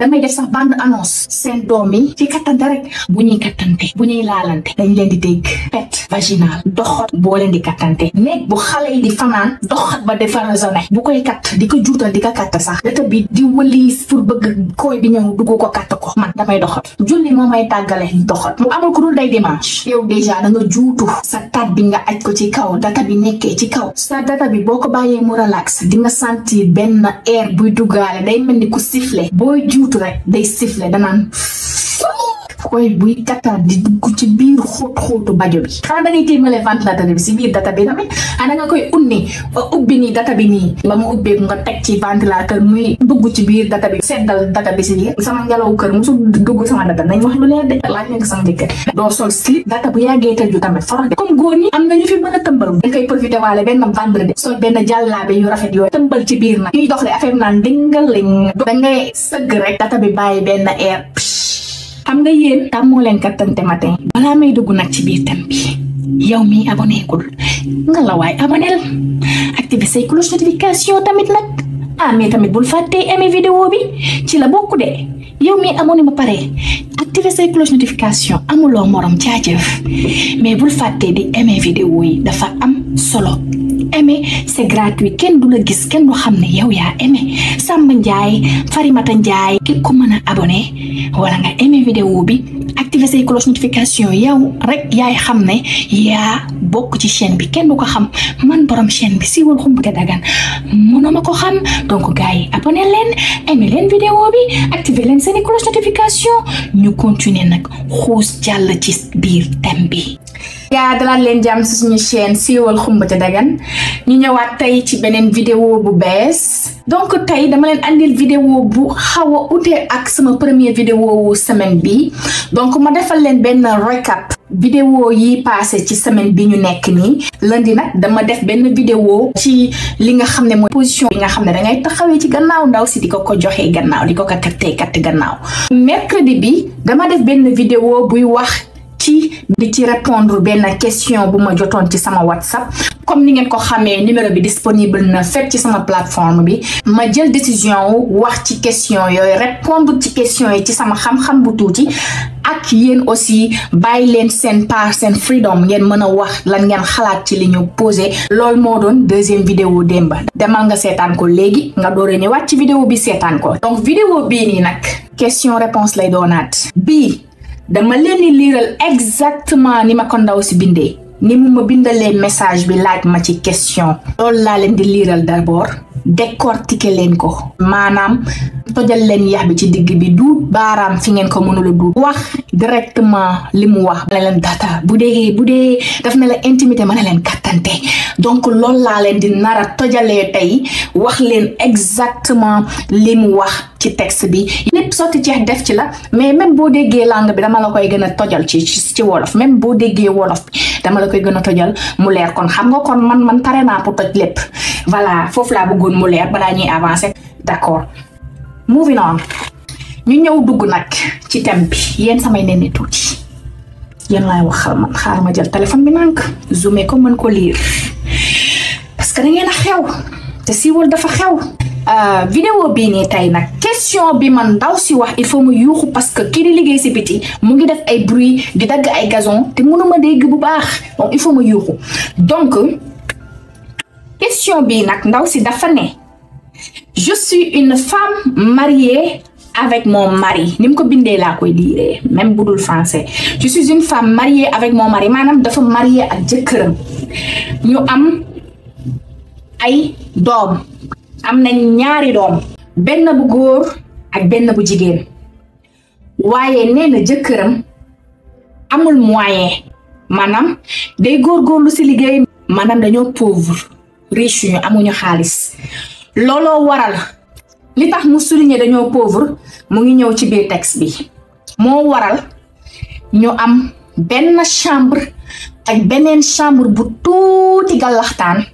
damay def sax bande annonce seen doom yi ci kattante rek bu ñuy bu ñuy laalante dañ leen di dégg pet vaginal doxat boo leen di kattante néeg bu xale yi di fanaan doxat ba defarasone bu koy katt di ko juutal di ko katt sax data bi di wëliis pour bëgg koy bi dugg ko katt ko man damay doxat julli moo may tàggale doxat mu amul ku dul day dimanche yow déjà da nga juutu sa tat bi nga aj ko ci kaw data bi nekkee ci kaw sa data bi boo ko bàyyee mu relax di nga sentir benn air buy duggaale day mel ni ku siffle booy tuuti rek day siffler danaan koy buy kataat di ku ci biir xóot xóotu bajo bi xanaa da ngay téemale tane bi si biir data bi nami ana nga koy unni ba ubbi ni data bi ni ba mu ubbe nga tek ci ventilateur muy dugg ci biir data bi seddal data bi si biir sama ngelaw kër musu dugg sama data nañ wax lu leer de laaj nañ sama jëkkër do sol slip data bu yàggee tëju tamit farax de comme goor ni am na ñu fi mëna tembal tëmbal ngay profiter walé ben vendredi sol jalla be yu rafet yo tembal ci biir nag ñuy doxle affaire dingaling da ngay seug rek data bi baye ben air am nga yéen tàmmoo leen Captain Té Matin balaa may dugg nag ci biir thème bi yow mii aboné gul nga la waay aboneel activé say cloche notification tamit nag ah mais tamit bul fàtte aimer vidéo bi ci la bokk de yow mi amoon ba pare activer say cloche notification amuloo morom jaajëf mais bul fàtte di aimer vidéo yi dafa am solo aimer c'est gratuit kenn du la gis kenn du xam ne yow yaa aimer Samba Ndiaye Farimata Ndiaye ki ko mën a abonné wala nga aimer vidéo bi. activer say cloche yow rek yaay xam ne yaa bokk ci chaîne bi kenn du ko xam man borom chaîne bi siiwal xumb te dagan mënoo ma ko xam donc gars yi abonné leen aimé leen bi activer leen seen i cloche ñu continuer nag xuus jàll ci biir thème bi. yaa dalal leen jàmm si suñu chaîne siiwal xumba dagan ñu ñëwaat tey ci beneen vidéo bu bes. donc tey dama andil vidéo bu howa a ute ak sama premier vidéo wu semaine bi donc ma defal leen benn recap vidéo yi passé ci semaine bi ñu nekk nii lundi nag dama def benn vidéo ci li nga xam ne position bi nga xam ne dangay taxawee ci gannaaw ndaw si di ko ko ganau, gannaaw di ko ko kattee katt gannaaw mercredi bi dama def benn vidéo buy wax ci di ci répondre benn question bu ma jotoon ci sama WhatsApp comme ni ngeen ko xamee numéro bi disponible na fépp ci sama plateforme bi ma jël décision wax ci question yooyu répondre ci question yi ci sama xam-xam bu tuuti ak yéen aussi bàyyi leen seen part seen freedom ngeen mën a wax lan ngeen xalaat ci li ñu posé loolu moo doon deuxième vidéo démba demal nga seetaan ko léegi nga doore ñëwaat ci vidéo bi seetaan ko donc vidéo bii nii nag question réponse lay doonaat dama leen di liiral exactement ni ma ko ndaw si bindee ni mu ma bindalee message bi laaj ma ci question loolu laa leen di liiral d'abord décortiquer leen ko maanaam tojal leen yax bi ci digg bi du baaraam fi ngeen ko mënula duut wax directement li mu wax ma leen data bu dee bu dee daf ne la intimité ma leen kattante donc loolu laa leen di nar a tojalee tey wax leen exactement li mu wax ci texte bi lépp sotti ceex def ci la mais même boo déggee làng bi dama la koy gën a tojal ci ci wolof même boo déggee wolof dama la koy gën a tojal mu leer kon xam nga kon man man pare naa pour toj lépp voilà foofu laa bëggoon mu leer balaa ñuy avancer d'accord moving on ñu ñëw dugg nak ci thème bi yéen samay nen ni tuuti yéen laay waxal man xaar ma jël téléphone bi nànk zoomé ko mën ko lire parce que da ngeen a xew te siiwal dafa xew Euh, vidéo bi ni tay nak question bi man ndaw si wax il faut mu yuuxu parce que ki di liggéey ci biti mu ngi def ay bruit di dag ay gazon te mënuma dégg bu baax donc il faut mu yuuxu donc question bi nak ndaw si dafa ne je suis une femme mariée avec mon mari nim ko bindé la koy dire même budul français je suis une femme mariée avec mon mari manam dafa mariée ak jëkkëram ñu am ay doom amna ñaari doom benn bu góor ak benn bu jigéen waaye nee na jëkkëram amul moyen manam? day góorgóorlu si liggéey maanaam dañoo pauvre riche ñu amuñu xaalis looloo waral li tax mu pover, dañoo pauvre mu ngi ñëw ci biir texte bi moo waral ñu am benn chambre ak beneen chambre bu tuuti gàllaxtaan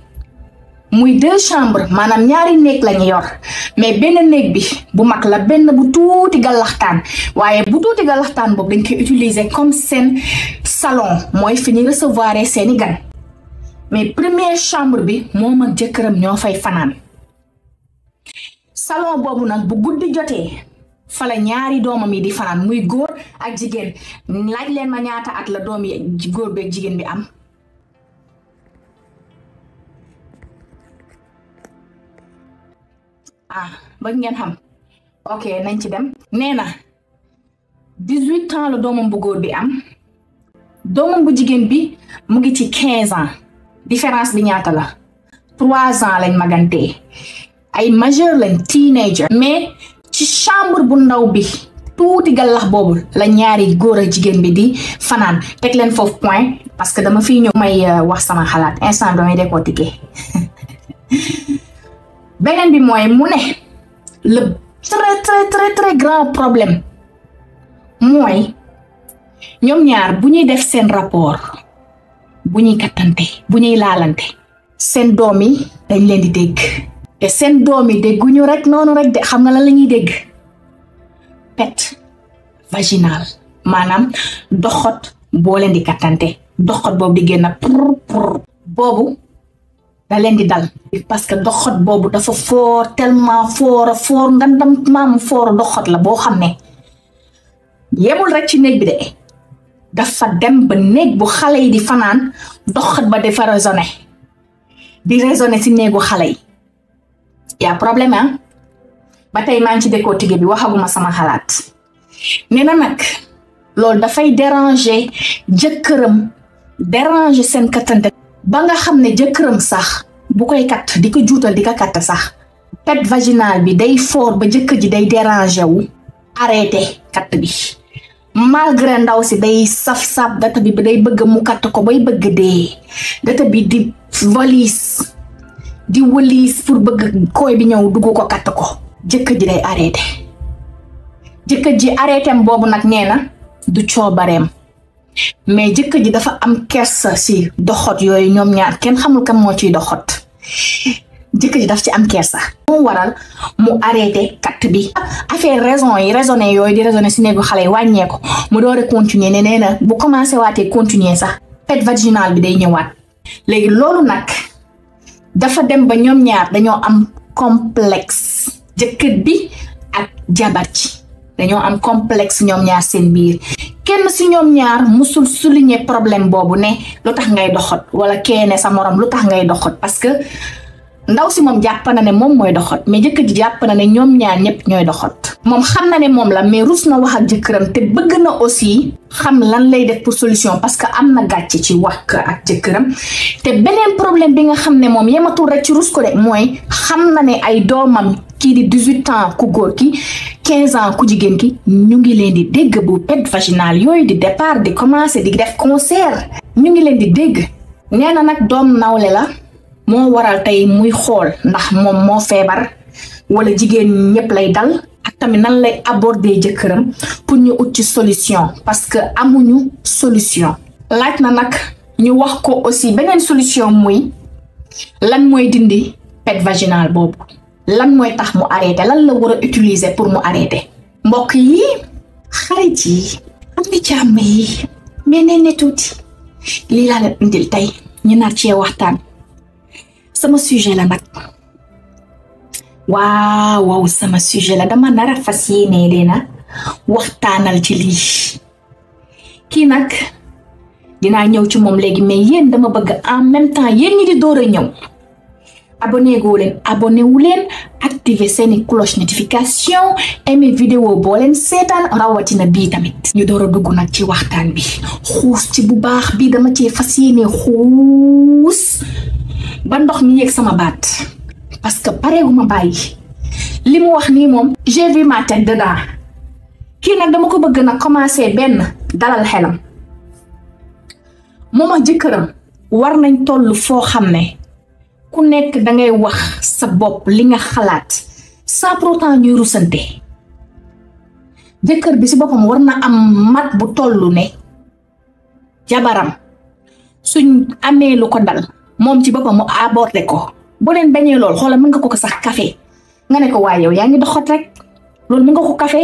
muy deux chambres maanaam ñaari néeg lañu yor mais benn néeg bi bu mag la benn bu tuuti gàllaxtaan waaye bu tuuti gàllaxtaan boobu dañ koy utiliser comme seen salon mooy fi ñuy recevoir seeni gan mais première chambre bi moo ak jëkkëram ñoo fay fanaan salon boobu nag bu guddi jotee fala ñaari doomam yi di fanaan muy góor ak jigéen laaj leen ma ñaata at la doom yi góor beeg jigéen bi am ah ba ngeen xam ok nañ ci dem nee na dix-huit ans la doomam bu góor bi am doomam bu jigéen bi mu ngi ci quinze ans différence bi ñaata la trois ans lañ magantee ay majeur lañ teenager mais ci chambre bu ndaw bi tuuti gallax boobu la ñaari góor ak jigéen bi di fanaan teg leen foofu point parce que dama fi ñëw may euh, wax sama xalaat instant damay décortiquer beneen bi mooy mu ne le très très très très grand problème mooy ñoom ñaar bu ñuy def seen rapport bu ñuy kattante bu ñuy laalante seen doom yi dañ leen di dégg te seen doom yi dégguñu rek noonu rek de xam nga lan la ñuy dégg pet vaginal maanaam doxot boo leen di kattante doxot boobu di génna pour pour boobu da leen di dal parce que doxot boobu dafa foor tellement foor a foor ngandam maam foor doxot la boo xam ne yemul rek ci néeg bi de dafa dem ba néeg bu xale yi di fanaan doxot ba dafa raisonné di raisonné si néegu xale yi y'a problème ah ba tey maa ngi ci dekkoo tige bi waxaguma sama xalaat nee na nag loolu dafay déranger jëkkëram déranger seen kattante ba nga xam ne jëkkëram sax bu koy kat di ko juutal di ko katt sax pet vaginal bi day for ba jëkkër ji day déranger wu arrêté katt bi malgré ndaw si day saf saf data bi day bëgg mu katt ko bay bëgg dee data bi di valise di wëliis pour bëgg koy bi ñëw duggu ko katt ko jëkkër ji day arrêté jëkkër ji arrêté boobu nak nee na du coobareem mais jëkkër ji dafa am kersa si doxot yooyu ñoom ñaar kenn xamul kan moo ciy doxot jëkkër ji daf ci am sax mu waral mu arrêté kat bi affaire raison yi raisonné yooyu di raisonné si néegu xale yi wàññeeku mu door a continuer ne nee bu commencé waatee continuer sax pet vaginal bi day ñëwaat léegi loolu nag dafa dem ba ñoom ñaar dañoo am complexe jëkkër bi ak jabar ji dañoo am complexe ñoom ñaar seen biir kenn si ñoom ñaar musul souligner problème boobu ne lu tax ngay doxat wala keene sa morom lu tax ngay doxat parce que ndaw si moom jàpp na ne moom mooy doxat mais jëkkër ji jàpp na ne ñoom ñaar ñëpp ñooy doxat moom xam na ne moom la mais rus na wax ak jëkkëram te bëgg na aussi xam lan lay def pour solution parce que am na gàcce ci wax ak jëkkëram te beneen problème bi nga xam ne moom yematul rek ci rus ko de mooy xam na ne ay doomam Qui di 18 ans ku góor ki ans ku jigéen ki ñu ngi leen di dégg bu pet vaginal yoy di départ di commencer di def concert ñu ngi leen di dégg nee nak nag doom nawle la mo waral tay muy xol ndax mom mo feebar wala jigen ñëpp lay dal ak tamit nan lay aborder jëkkëram pour ñu ut ci solution parce que amuñu solution laaj na nak ñu wax ko aussi benen solution muy lan moy dindi pet vaginal boobu lan mooy tax mu arrêté lan la war a utiliser pour mu arrêté mbokk yi xarit yi am na jàmm yi mais nee na tuuti lii laa leen indil tey ñu nar cee waxtaan sama sujet la nag waaw waaw sama sujet la dama nar a fas yéene leena waxtaanal ci lii kii nag dinaa ñëw ci moom léegi mais yéen dama bëgg en même temps yéen ñi di door a ñëw Abonnez-vous, abonnez-vous, activez les activé seeni cloche notification aimé vidéo boo leen seetaan rawatina bii tamit ñu door a dugg nag ci waxtan bi xuus ci bu baax bi dama ci fasiyene yéene xuus ba ndox mi yek sama baat parce que pareeguma bàyyi li mu wax ni mom, j'ai vu ma tête dedans ki nak dama ko bëgg nak commencer ben dalal xelam moma ak war nañ fo ku nekk da ngay wax sa bopp li nga xalaat sans pour autant ñuy rusante jëkkër bi si boppam war na am mat bu tollu ne jabaram suñ amee lu ko dal moom ci boppam mu aborder ko boo leen bañee lool xoola mën nga ko ko sax café nga ne ko waaye yow yaa ngi doxat rek loolu mën nga ko kafe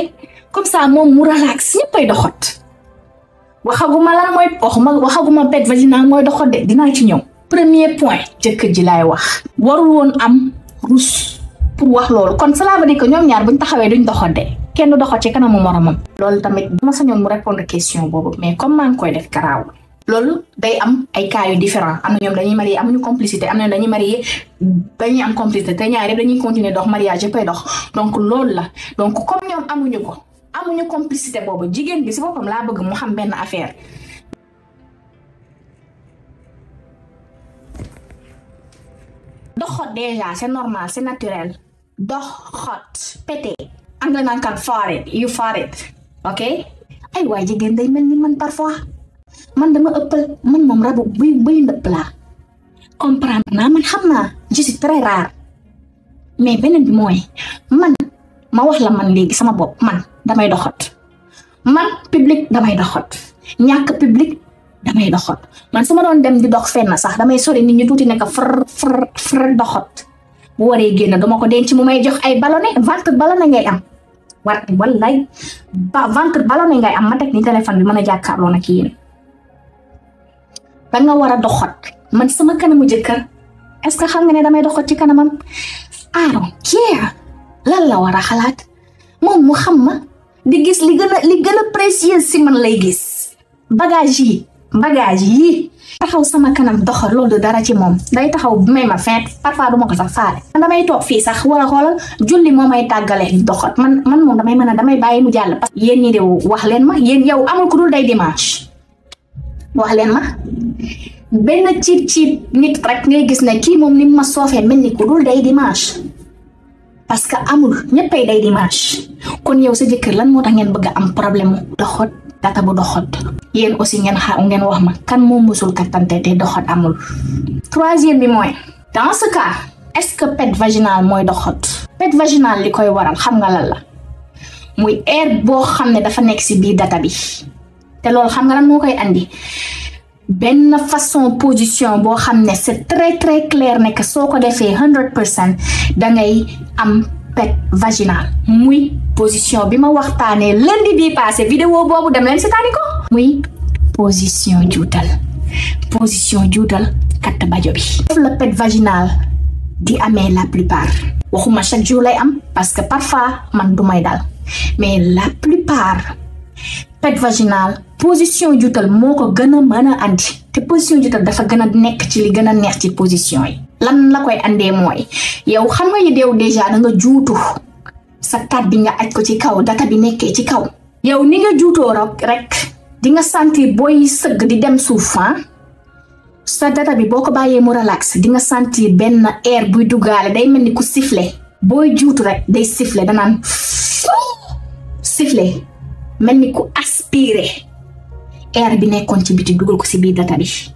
comme saa moom mu relax ñëppay doxat waxaguma lan mooy waxuma waxaguma pet vaginal mooy doxat de dinaa ci ñëw. premier point jëkkër ji laay wax warul woon am rus pour wax loolu kon cela veut dire que ñoom ñaar buñ taxawee duñ doxante kenn doxo ci kanamu moromam. loolu tamit bu ma sañoon mu répondre question boobu mais comme maa koy def garaaw loolu day am ay cas yu différent am na ñoom dañuy marié amuñu complicité am na dañuy marié dañuy am complicité te ñaar yëpp dañuy continuer dox mariage yëppay dox donc loolu la donc comme ñoom amuñu ko amuñu complicité boobu jigéen bi si boppam laa bëgg mu xam benn affaire. doxot déjà c'est normal c'est naturel doxot pété am na naan kan farit you ok ay waay jigéen day man ni man parfois man dama ëppal man moom rabu buy buy ndëpp laa comprendre naa man xam naa je très rare mais beneen bi mooy man ma wax la man léegi sama bopp man damay doxot man public damay doxot ñàkk public damay doxot man suma doon dem di dox fenn sax damay sori nit ñu tuuti nekk fër fër fër doxot bu waree génn duma ko denc mu may jox ay ballonné ventre ballonné ngay am war wallay ba ventre ballonné ngay am ma tek ni téléphone bi mëna a jàkkaarloo nag yéen da nga war a doxot man sama kanamu jëkkër est ce que xam nga ne damay doxot ci kanamam lan la war a xalaat moom mu xam ma di gis li gën li gën précieux si man lay gis bagage yi bagage yi taxaw sama kanam doxal do dara ci mom day taxaw may ma fent parfois duma ko sax faale damay toog sax wala xol julli momay tagale tàggale doxal man man mom damay meuna a damay bàyyi mu jall parce que yéen de wax len ma yeen yow amul ku dul day dimanche wax len ma ben ciib ciib nit rek ngay gis ne ki mom ni ma sofé melni ku dul day dimanche parce que amul ñeppay day dimanche kon yow sa jëkkeer lan moo ngeen bëgg am problème doxal data bu doxoon yéen aussi ngeen xa ngeen wax ma kan moo musul kattante te doxoon amul. troisième bi mooy dans ce cas est-ce que pet vaginal mooy doxoot pet vaginal li koy waral xam nga lan la muy air boo xam ne dafa nekk ci biir data bi te lool xam nga lan moo koy andi. benn façon position boo xam ne c'est très très clair ne que soo ko defee 100 pour cent da ngay am pet vaginal muy position bi ma waxtaanee lundi bii passé vidéo boobu dem leen seetaani ko muy position juutal position juutal katt bajo bi foofu la pet vaginal di amee la plupart waxuma chaque jour lay am parce que parfois man du may dal mais la plupart pet vaginal position juutal moo ko gën a mën a andi te position juutal dafa gën a nekk ci li gën a neex ci position yi lan la koy andee mooy yow xam nga ni deew déjà da nga juutu sa tat bi nga aj ko ci kaw data bi nekkee ci kaw yow ni nga juutoo rek di nga sentir booy sëgg di dem suuf ah? sa data bi boo ko bàyyee mu relax di nga sentir benn air buy duggaale day mel ni ku sifle booy juutu rek day sifflet danaan sifflet mel ni ku aspiré air bi nekkoon ci biti dugal ko si biir data bi